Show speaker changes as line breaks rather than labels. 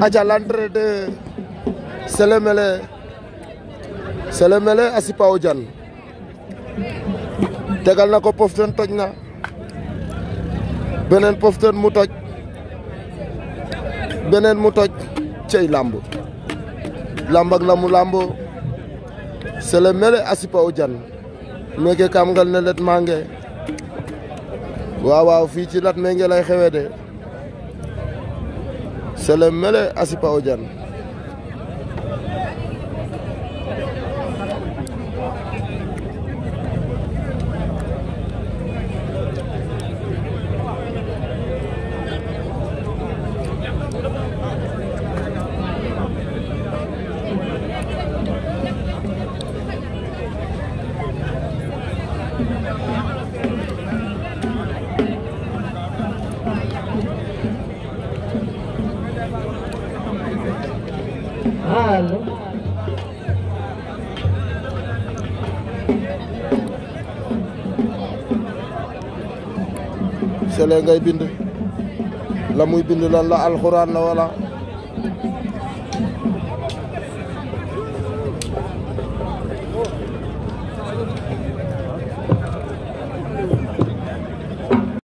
aja l'entrée de Sélémélé mele Asipao Diane tegal na ko poften toj na beneen poften mu toj beneen mu toj cey làmb làmb ak la mu làmboo Sélémélé Asipao Diane meke kam ngal ne let mange waaw fii ci lat menge lay xewe de Selemele Asipa Ojan.
Thank you. Alo.
sele ngay bind la muy bind lan la alxuraan la wala